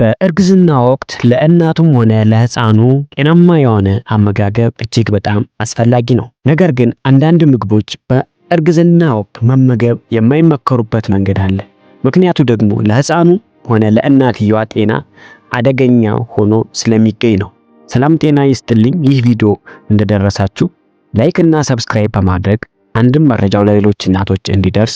በእርግዝና ወቅት ለእናቱም ሆነ ለህፃኑ ጤናማ የሆነ አመጋገብ እጅግ በጣም አስፈላጊ ነው። ነገር ግን አንዳንድ ምግቦች በእርግዝና ወቅት መመገብ የማይመከሩበት መንገድ አለ። ምክንያቱ ደግሞ ለህፃኑ ሆነ ለእናትየዋ ጤና አደገኛ ሆኖ ስለሚገኝ ነው። ሰላም ጤና ይስጥልኝ። ይህ ቪዲዮ እንደደረሳችሁ ላይክ እና ሰብስክራይብ በማድረግ አንድም መረጃው ለሌሎች እናቶች እንዲደርስ፣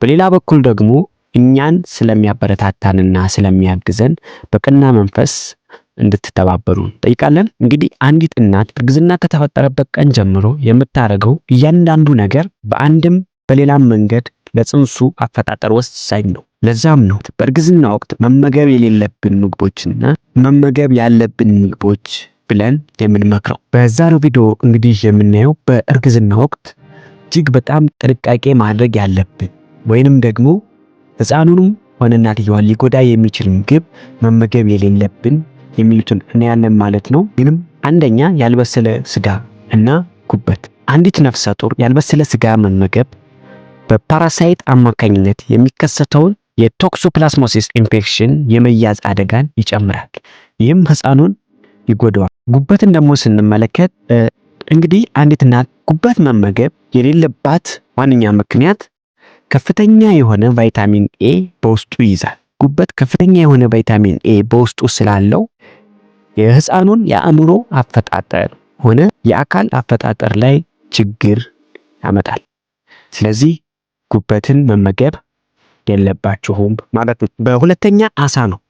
በሌላ በኩል ደግሞ እኛን ስለሚያበረታታንና ስለሚያግዘን በቀና መንፈስ እንድትተባበሩ ጠይቃለን። እንግዲህ አንዲት እናት እርግዝና ከተፈጠረበት ቀን ጀምሮ የምታደርገው እያንዳንዱ ነገር በአንድም በሌላም መንገድ ለጽንሱ አፈጣጠር ወሳኝ ነው። ለዛም ነው በእርግዝና ወቅት መመገብ የሌለብን ምግቦችና መመገብ ያለብን ምግቦች ብለን የምንመክረው። በዛሬው ቪዲዮ እንግዲህ የምናየው በእርግዝና ወቅት እጅግ በጣም ጥንቃቄ ማድረግ ያለብን ወይንም ደግሞ ሕፃኑንም ሆነ እናትየዋን ሊጎዳ የሚችል ምግብ መመገብ የሌለብን የሚሉትን እናያለን ማለት ነው። ይህም አንደኛ ያልበሰለ ስጋ እና ጉበት። አንዲት ነፍሰ ጡር ያልበሰለ ስጋ መመገብ በፓራሳይት አማካኝነት የሚከሰተውን የቶክሶፕላስሞሲስ ኢንፌክሽን የመያዝ አደጋን ይጨምራል። ይህም ህፃኑን ይጎዳዋል። ጉበትን ደግሞ ስንመለከት እንግዲህ አንዲት እናት ጉበት መመገብ የሌለባት ዋነኛ ምክንያት ከፍተኛ የሆነ ቫይታሚን ኤ በውስጡ ይይዛል። ጉበት ከፍተኛ የሆነ ቫይታሚን ኤ በውስጡ ስላለው የህፃኑን የአእምሮ አፈጣጠር ሆነ የአካል አፈጣጠር ላይ ችግር ያመጣል። ስለዚህ ጉበትን መመገብ የለባችሁም ማለት ነው። በሁለተኛ አሳ ነው።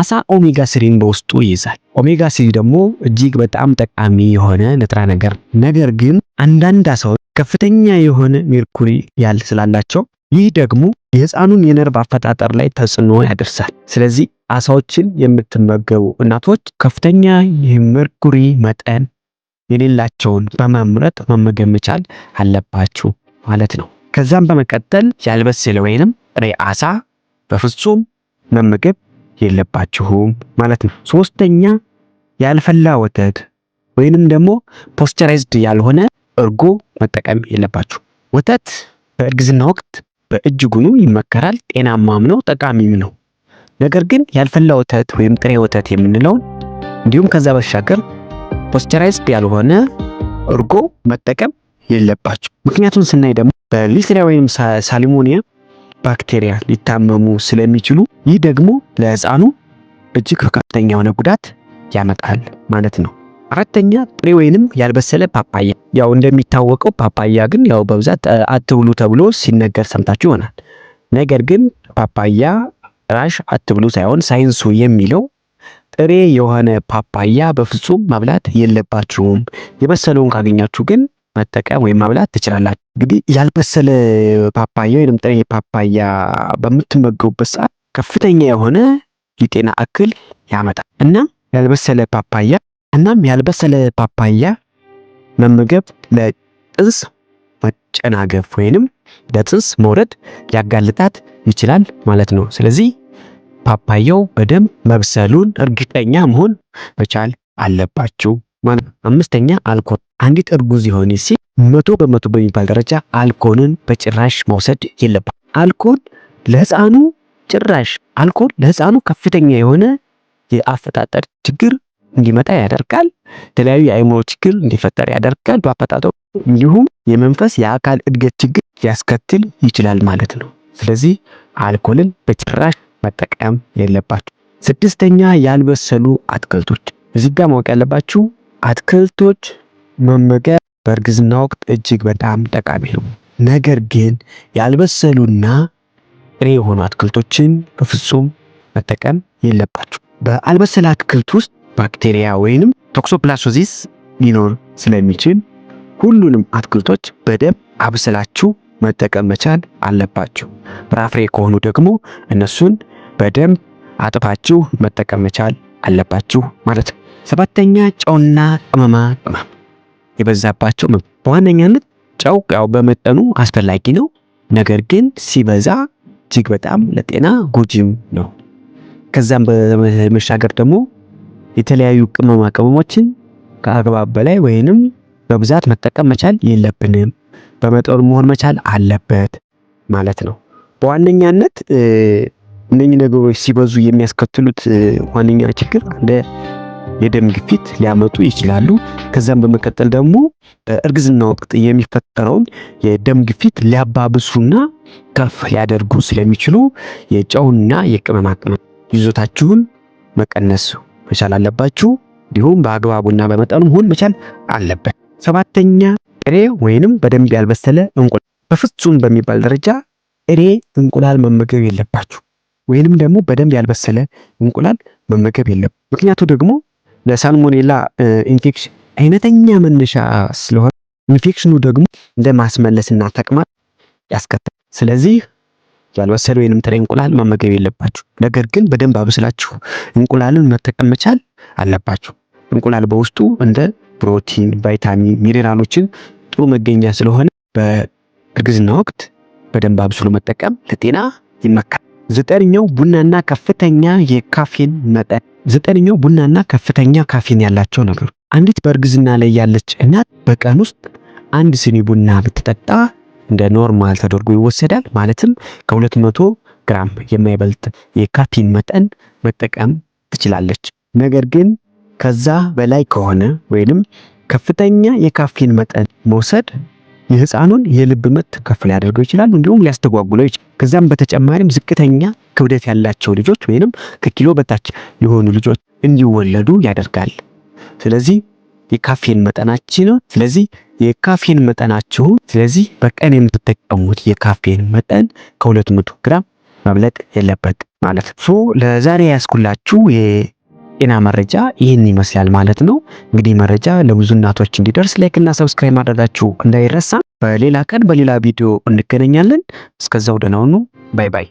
አሳ ኦሜጋ ስሪን በውስጡ ይይዛል። ኦሜጋ ስሪ ደግሞ እጅግ በጣም ጠቃሚ የሆነ ንጥረ ነገር ነገር ግን አንዳንድ አሳዎች ከፍተኛ የሆነ ሜርኩሪ ያል ስላላቸው ይህ ደግሞ የህፃኑን የነርቭ አፈጣጠር ላይ ተጽዕኖ ያደርሳል። ስለዚህ አሳዎችን የምትመገቡ እናቶች ከፍተኛ የሜርኩሪ መጠን የሌላቸውን በመምረጥ መመገብ መቻል አለባችሁ ማለት ነው። ከዛም በመቀጠል ያልበሰለ ወይንም ጥሬ አሳ በፍጹም መመገብ የለባችሁም ማለት ነው። ሶስተኛ ያልፈላ ወተት ወይንም ደግሞ ፖስቸራይዝድ ያልሆነ እርጎ መጠቀም የለባችሁ። ወተት በእርግዝና ወቅት በእጅጉኑ ይመከራል። ጤናማም ነው፣ ጠቃሚም ነው። ነገር ግን ያልፈላ ወተት ወይም ጥሬ ወተት የምንለውን እንዲሁም ከዛ በሻገር ፖስቸራይዝድ ያልሆነ እርጎ መጠቀም የለባችሁ። ምክንያቱም ስናይ ደግሞ በሊስትሪያ ወይም ሳሊሞኒያ ባክቴሪያ ሊታመሙ ስለሚችሉ ይህ ደግሞ ለህፃኑ እጅግ ከፍተኛ የሆነ ጉዳት ያመጣል ማለት ነው። አራተኛ ጥሬ ወይንም ያልበሰለ ፓፓያ። ያው እንደሚታወቀው ፓፓያ ግን ያው በብዛት አትብሉ ተብሎ ሲነገር ሰምታችሁ ይሆናል። ነገር ግን ፓፓያ ራሽ አትብሉ ሳይሆን ሳይንሱ የሚለው ጥሬ የሆነ ፓፓያ በፍጹም መብላት የለባችሁም። የበሰለውን ካገኛችሁ ግን መጠቀም ወይም መብላት ትችላላችሁ። እንግዲህ ያልበሰለ ፓፓያ ወይም ጥሬ ፓፓያ በምትመገቡበት ሰዓት ከፍተኛ የሆነ የጤና እክል ያመጣል እና ያልበሰለ ፓፓያ እናም ያልበሰለ ፓፓያ መመገብ ለጥንስ መጨናገፍ ወይንም ለጥንስ መውረድ ሊያጋልጣት ይችላል ማለት ነው። ስለዚህ ፓፓያው በደንብ መብሰሉን እርግጠኛ መሆን መቻል አለባችሁ። አምስተኛ አልኮል። አንዲት እርጉዝ የሆነ ሴት መቶ በመቶ በሚባል ደረጃ አልኮልን በጭራሽ መውሰድ የለባት። አልኮል ለህፃኑ ጭራሽ አልኮል ለህፃኑ ከፍተኛ የሆነ የአፈጣጠር ችግር እንዲመጣ ያደርጋል። የተለያዩ የአእምሮ ችግር እንዲፈጠር ያደርጋል። በአፈጣጠሩ እንዲሁም የመንፈስ የአካል እድገት ችግር ሊያስከትል ይችላል ማለት ነው። ስለዚህ አልኮልን በጭራሽ መጠቀም የለባችሁ። ስድስተኛ ያልበሰሉ አትክልቶች። እዚህ ጋር ማወቅ ያለባችሁ አትክልቶች መመገብ በእርግዝና ወቅት እጅግ በጣም ጠቃሚ ነው። ነገር ግን ያልበሰሉና ጥሬ የሆኑ አትክልቶችን በፍጹም መጠቀም የለባችሁ። በአልበሰለ አትክልት ውስጥ ባክቴሪያ ወይንም ቶክሶፕላሶዚስ ሊኖር ስለሚችል ሁሉንም አትክልቶች በደንብ አብስላችሁ መጠቀም መቻል አለባችሁ። ፍራፍሬ ከሆኑ ደግሞ እነሱን በደንብ አጥፋችሁ መጠቀም መቻል አለባችሁ ማለት ነው። ሰባተኛ ጨውና ቅመማ ቅመም የበዛባቸው በዋነኛነት ጨው ያው በመጠኑ አስፈላጊ ነው። ነገር ግን ሲበዛ እጅግ በጣም ለጤና ጎጂም ነው። ከዛም በመሻገር ደግሞ የተለያዩ ቅመማ ቅመሞችን ከአግባብ በላይ ወይንም በብዛት መጠቀም መቻል የለብንም። በመጠኑ መሆን መቻል አለበት ማለት ነው። በዋነኛነት እነኚህ ነገሮች ሲበዙ የሚያስከትሉት ዋነኛ ችግር እንደ የደም ግፊት ሊያመጡ ይችላሉ። ከዛም በመቀጠል ደግሞ በእርግዝና ወቅት የሚፈጠረውን የደም ግፊት ሊያባብሱና ከፍ ሊያደርጉ ስለሚችሉ የጨውና የቅመማ ቅመም ይዞታችሁን መቀነስ መቻል አለባችሁ። እንዲሁም በአግባቡና በመጠኑ መሆን መቻል አለበት። ሰባተኛ ጥሬ ወይንም በደንብ ያልበሰለ እንቁላል በፍጹም በሚባል ደረጃ ጥሬ እንቁላል መመገብ የለባችሁ ወይንም ደግሞ በደንብ ያልበሰለ እንቁላል መመገብ የለም። ምክንያቱ ደግሞ ለሳልሞኔላ ኢንፌክሽን አይነተኛ መነሻ ስለሆነ ኢንፌክሽኑ ደግሞ እንደ ማስመለስና ተቅማጥ ያስከትላል። ስለዚህ ያልበሰለ ወይንም ጥሬ እንቁላል መመገብ የለባችሁ። ነገር ግን በደንብ አብስላችሁ እንቁላልን መጠቀም መቻል አለባችሁ። እንቁላል በውስጡ እንደ ፕሮቲን፣ ቫይታሚን፣ ሚኔራሎችን ጥሩ መገኛ ስለሆነ በእርግዝና ወቅት በደንብ አብስሎ መጠቀም ለጤና ይመካል። ዘጠነኛው ቡናና ከፍተኛ የካፌን መጠን። ዘጠነኛው ቡናና ከፍተኛ ካፌን ያላቸው ነገሮች። አንዲት በእርግዝና ላይ ያለች እናት በቀን ውስጥ አንድ ስኒ ቡና ብትጠጣ እንደ ኖርማል ተደርጎ ይወሰዳል። ማለትም ከሁለት መቶ ግራም የማይበልጥ የካፊን መጠን መጠቀም ትችላለች። ነገር ግን ከዛ በላይ ከሆነ ወይንም ከፍተኛ የካፊን መጠን መውሰድ የህፃኑን የልብ ምት ከፍ ሊያደርገው ይችላል፣ እንዲሁም ሊያስተጓጉለው ይችላል። ከዛም በተጨማሪም ዝቅተኛ ክብደት ያላቸው ልጆች ወይንም ከኪሎ በታች የሆኑ ልጆች እንዲወለዱ ያደርጋል። ስለዚህ የካፌን መጠናችን ስለዚህ የካፌን መጠናችሁ። ስለዚህ በቀን የምትጠቀሙት የካፌን መጠን ከሁለት መቶ ግራም መብለጥ የለበት ማለት ነው። ለዛሬ ያስኩላችሁ የጤና መረጃ ይህን ይመስላል ማለት ነው። እንግዲህ መረጃ ለብዙ እናቶች እንዲደርስ ላይክ እና ሰብስክራይብ ማድረጋችሁ እንዳይረሳ። በሌላ ቀን በሌላ ቪዲዮ እንገናኛለን። እስከዛው ደህና ሁኑ። ባይ ባይ።